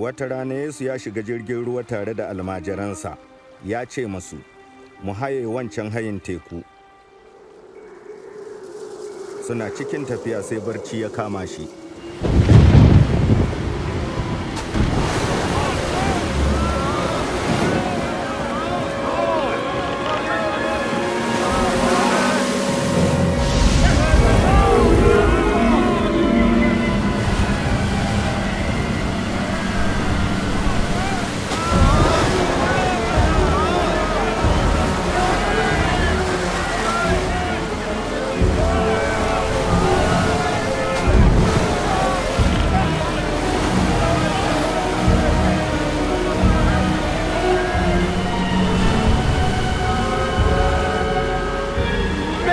wata rana yesu ya shiga jirgin ruwa tare da almajiransa ya ce masu mu haye wancan hayin teku suna cikin tafiya sai barci ya kama shi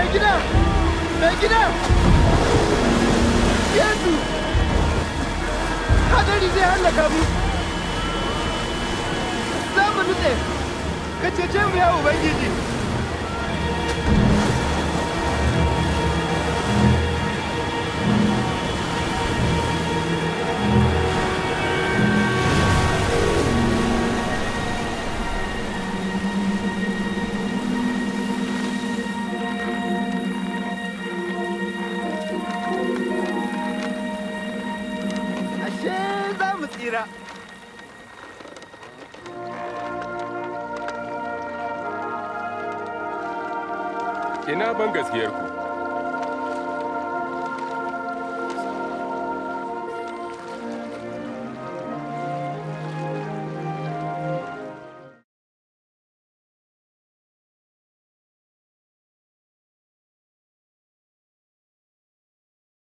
mai gida mai gida hadari zai hallaka mu za mu nutse ka cece mu ya ubangiji ina ban gaskiyarku